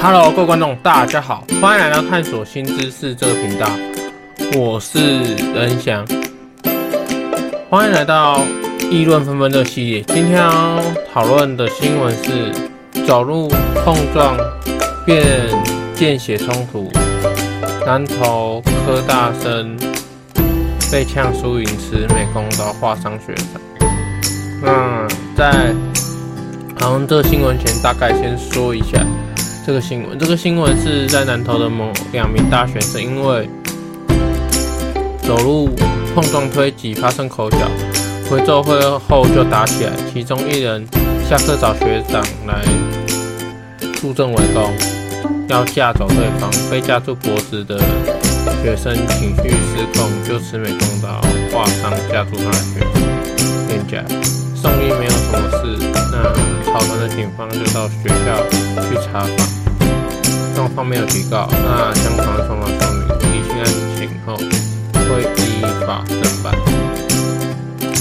Hello，各位觀眾，大家好，歡迎來到探索新知識這個頻道，我是仁翔，歡迎來到議論紛紛的系列。今天要討論的新聞是：走路碰撞變濺血衝突，南投科大生被嗆輸贏持美工刀劃傷學生。嗯，在討論這個新聞前，大概先說一下。這個新聞，這個新聞是在南投的某兩名大學生，因為走路碰撞推擠發生口角，回座位後就打起來。其中一人下課找學長來助陣圍攻，要架走對方，被架住脖子的學生情緒失控，就持美工刀劃傷架住他的學生臉頰。送醫沒有什麼事，那草屯的警方就到學校去查訪，雙方沒有提告。那相關說法說明，疑凶案醒後會依法偵辦。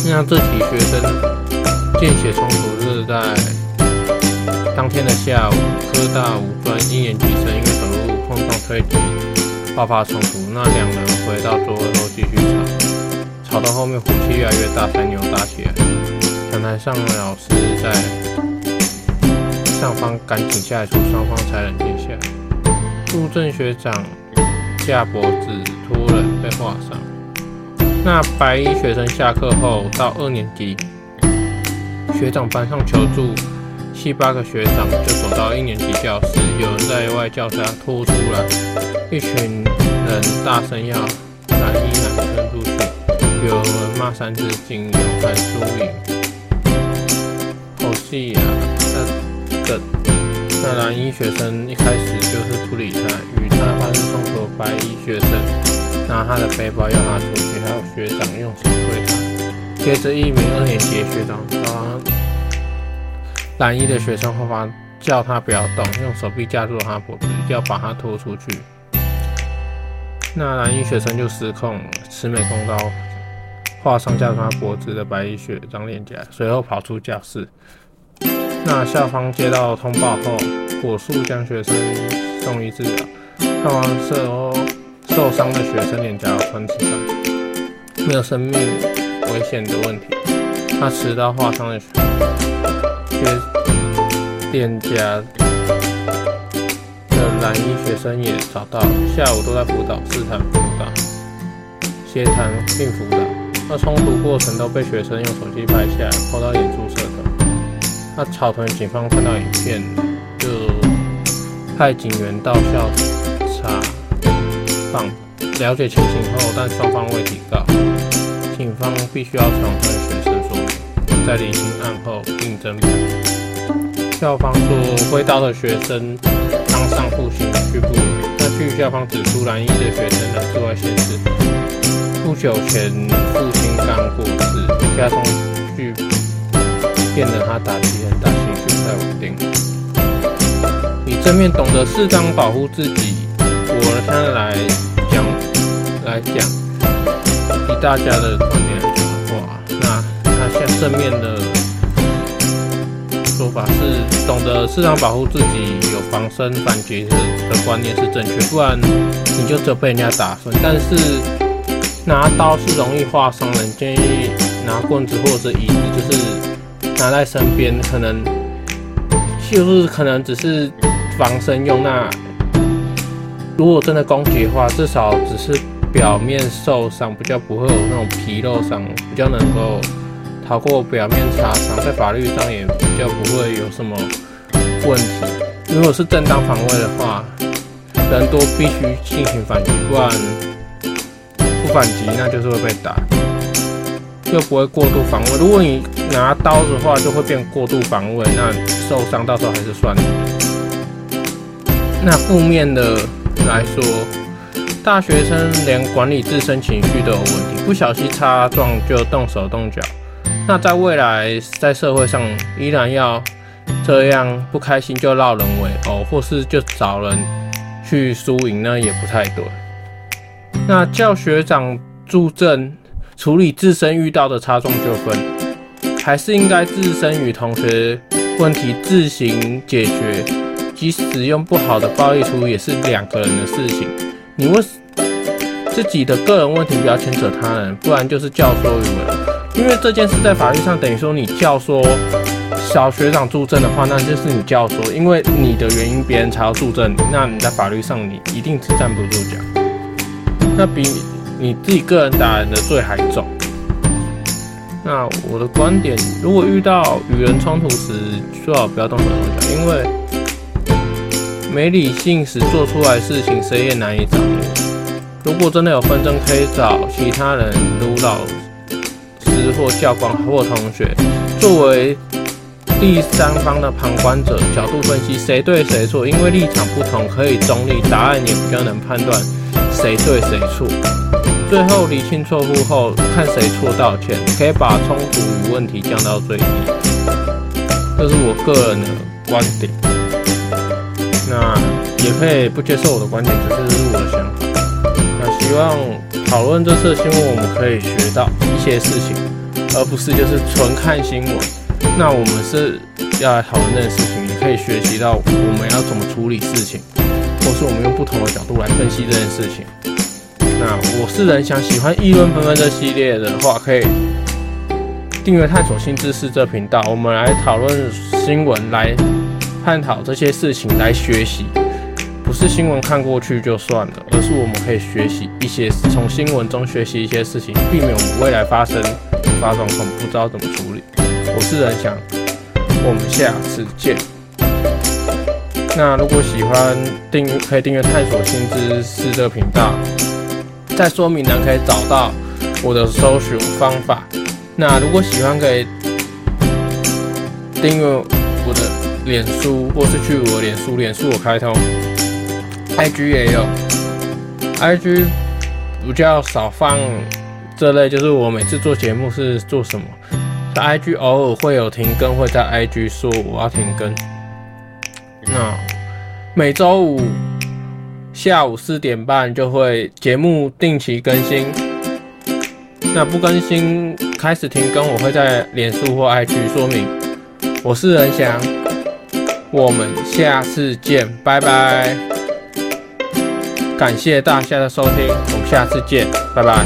那這起學生濺血衝突是在當天的下午，科大五專一年級生因為走路碰撞推擠，爆發衝突，那兩人回到座位後繼續吵，吵到後面火氣越來越大，才扭打起來。本台上老師在上方，趕緊下手，雙方才冷靜下。助政學長下脖子，突然被劃傷。那白衣學生下課後到二年級學長班上求助，七八個學長就走到一年級教室，有人在外教他拖出了，一群人大聲要藍衣男生出去，有人罵三字經，有翻書。是啊，呃、那那藍衣學生一開始就是不理他，與他發生衝突。白衣學生拿他的背包要他出去，還要學長用手推他。接着一名二年級學長抓藍衣的學生後髮，叫他不要動，用手臂架住他脖子，要把他拖出去。那藍衣學生就失控了，持美工刀劃傷架住他脖子的白衣學長臉頰，隨後跑出教室。那校方接到通報後，火速將學生送醫治療。看完之後受傷的學生臉頰有穿刺傷，沒有生命危險的問題。他持刀划傷的學生，學、嗯，店家的藍衣學生也找到，下午都在輔導，試探輔導，協談並輔導。那衝突過程都被學生用手機拍下來，拋到眼珠色的。那、啊、草屯警方看到影片，就派警員到校查訪了解情形後，但雙方未提告，警方必須要傳喚學生說明。在釐清案後，應偵辦。校方說揮刀的學生剛上復姓去補，但據校方指出，藍衣的學生呢，意外顯示，不久前父親剛過世，家中巨。巨變得他打擊很大心，情緒不太穩定。你正面懂得適當保護自己，我現在來講來講以大家的觀念來說的話，那他現在正面的說法是懂得適當保護自己，有防身反擊的的觀念是正確，不然你就只有被人家打人。但是拿刀是容易劃傷的，建議拿棍子或者椅子，就是。拿在身邊，可能就是可能只是防身用。那如果真的攻擊的話，至少只是表面受傷，比較不會有那種皮肉傷，比較能夠逃過表面擦傷，在法律上也比較不會有什麼問題。如果是正當防衛的話，人都必須進行反擊，不然不反擊那就是會被打。又不會過度防衛。如果你拿刀的話，就會變過度防衛，那受傷到時候還是算了。那負面的來說，大學生連管理自身情緒都有問題，不小心擦撞就動手動腳。那在未來在社會上依然要這樣，不開心就烙人圍毆，或是就找人去輸贏呢，那也不太對。那教學長助陣。處理自身遇到的碰撞糾紛，還是應該自身與同學問題自行解決。即使用不好的暴力處理，也是兩個人的事情。你問自己的個人問題，不要牽扯他人，不然就是教唆與人。因為這件事在法律上等於說你教唆小學長助陣的話，那就是你教唆，因為你的原因別人才要助陣你，那你在法律上你一定是站不住腳。那比。你自己個人打人的罪還重。那我的觀點，如果遇到與人衝突時，最好不要動手動腳，因為沒理性時做出來的事情，誰也難以掌握。如果真的有紛爭，可以找其他人，如老師或教官或同學，作為第三方的旁觀者角度分析誰對誰錯，因為立場不同，可以中立，答案也比較能判斷誰對誰錯。最後理清錯誤後，看誰錯道歉，可以把衝突與問題降到最低。這是我個人的觀點。那也可以不接受我的觀點，只是這是我的想法。那希望討論這次的新聞，我們可以學到一些事情，而不是就是純看新聞。那我們是要來討論這件事情，也可以學習到我們要怎麼處理事情，或是我們用不同的角度來分析這件事情。那我是仁翔，喜歡議論紛紛這系列的話，可以訂閱“探索新知識”這頻道。我們來討論新聞，來探討這些事情，來學習。不是新聞看過去就算了，而是我們可以學習一些從新聞中學習一些事情，避免我們未來發生突發狀況不知道怎麼處理。我是仁翔，我們下次見。那如果喜歡訂，閱，可以訂閱“探索新知識”這頻道。在說明欄可以找到我的搜尋方法。那如果喜歡，可以訂閱我的臉書，或是去我臉書臉書我開通。IG 也有，IG 比較少放這類，就是我每次做節目是做什麼。在 IG 偶爾會有停更，會在 IG 說我要停更。那每週五，下午四點半就會節目定期更新，那不更新開始停更，我會在臉書或 IG 說明。我是仁翔，我們下次見，拜拜。感謝大家的收聽，我們下次見，拜拜。